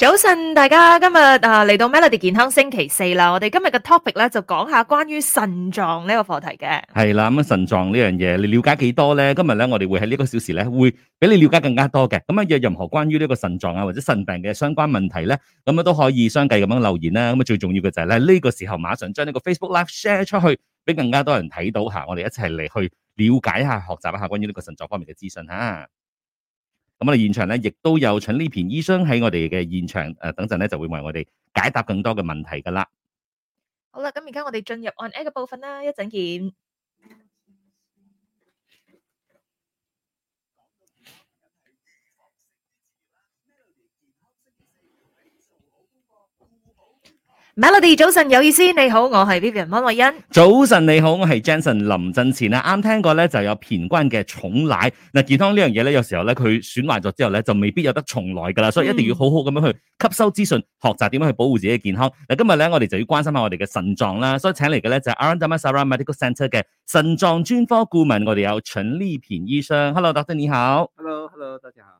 早晨，大家今日啊嚟到 Melody 健康星期四啦。我哋今日嘅 topic 咧就講下關於腎臟呢個課題嘅。係啦，咁啊腎臟呢樣嘢你了解幾多咧？今日咧我哋會喺呢個小時咧會俾你了解更加多嘅。咁啊，有任何關於呢個腎臟啊或者腎病嘅相關問題咧，咁啊都可以相繼咁樣留言啦。咁啊最重要嘅就係咧呢個時候馬上將呢個 Facebook Live share 出去，俾更加多人睇到吓。我哋一齊嚟去了解下、學習一下關於呢個腎臟方面嘅資訊哈。咁我哋現場咧，亦都有請呢位醫生喺我哋嘅現場、啊、等陣咧就會為我哋解答更多嘅問題噶啦。好啦，咁而家我哋進入 on air 嘅部分啦，一陣見。Melody，早晨有意思，你好，我係 Vivian 溫慧欣。早晨你好，我係 Jenson 林振前啊，啱聽過咧就有偏關嘅重奶嗱，健康呢樣嘢咧，有時候咧佢損壞咗之後咧，就未必有得重來噶啦，所以一定要好好咁樣去吸收資訊，嗯、學習點樣去保護自己嘅健康。嗱，今日咧我哋就要關心下我哋嘅腎臟啦，所以請嚟嘅咧就係 Aranda Sara Medical Center 嘅腎臟專科顧問，我哋有陳麗萍醫生。Hello，doctor 你好。Hello，Hello，大家好。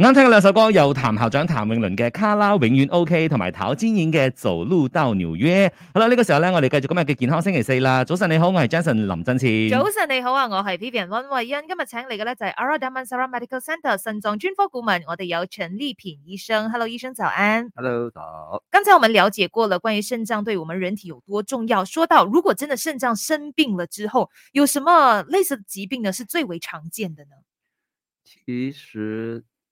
啱聽嘅兩首歌，由譚校長譚詠麟嘅《卡拉永遠 OK》，同埋陶晶瑩嘅《走路到紐約》好。好啦，呢個時候咧，我哋繼續今日嘅健康星期四啦。早晨你好，我係 Jason 林振善。早晨你好啊，我係 Vivian One 温慧欣。今日請嚟嘅咧就係、是、Ara Damansara Medical Centre 腎臟專科顧問，我哋有陳立平醫生。Hello 醫生，早安。Hello 早。剛才我們了解過了，關於腎臟對我們人體有多重要。說到如果真的腎臟生病了之後，有什麼類似的疾病呢？是最為常見的呢？其實。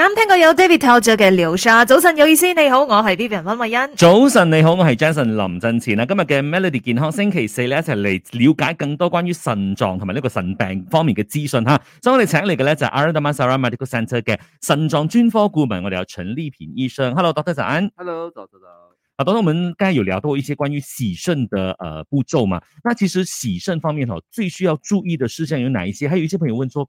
咁聽過有 David 教授嘅療傷，早晨有意思，你好，我係 Vivian 温慧欣。早晨你好，我係 Jason 林振前啦。今日嘅 Melody 健康星期四咧，一齊嚟了解更多關於腎臟同埋呢個腎病方面嘅資訊哈。所以我哋請嚟嘅咧就係、是、Arundel Medical Centre 嘅腎臟專科顧問，我哋有陳立平醫生。Hello，doctor 早安。Hello，早早早。Hello, Dr. Dr. 啊，doctor，我們剛才有聊到一些關於洗腎嘅誒步驟嘛？那其實洗腎方面嗬，最需要注意嘅事項有哪一些？還有一些朋友問說。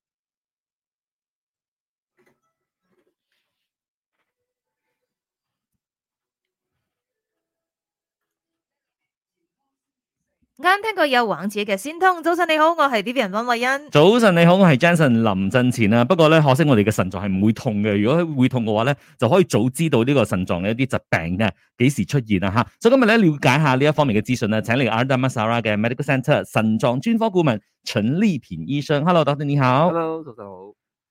啱聽個有網子嘅先通，早晨你好，我係 D B 人溫慧欣。早晨你好，我係 Jenson 林振前啦。不過呢，可惜我哋嘅腎臟係唔會痛嘅。如果會痛嘅話呢，就可以早知道呢個腎臟嘅一啲疾病嘅幾時出現啊吓。所以今日呢了解一下呢一方面嘅資訊呢，請嚟阿爾達馬薩拉嘅 Medical Center 腎臟專科顧問陳立平醫生。Hello，Doctor 你好。Hello，早晨好。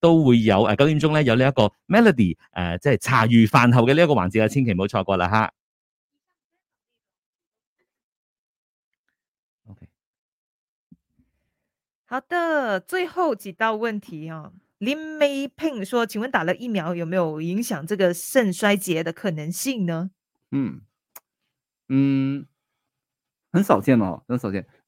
都會有誒九、呃、點鐘呢，有呢一個 melody 誒、呃，即、就、係、是、茶餘飯後嘅呢一個環節啊，千祈唔好錯過啦嚇。OK，好的，最後幾道問題啊，Lim May Ping 說：請問打了疫苗有沒有影響這個腎衰竭的可能性呢？嗯，嗯，很少見咯、哦，很少見。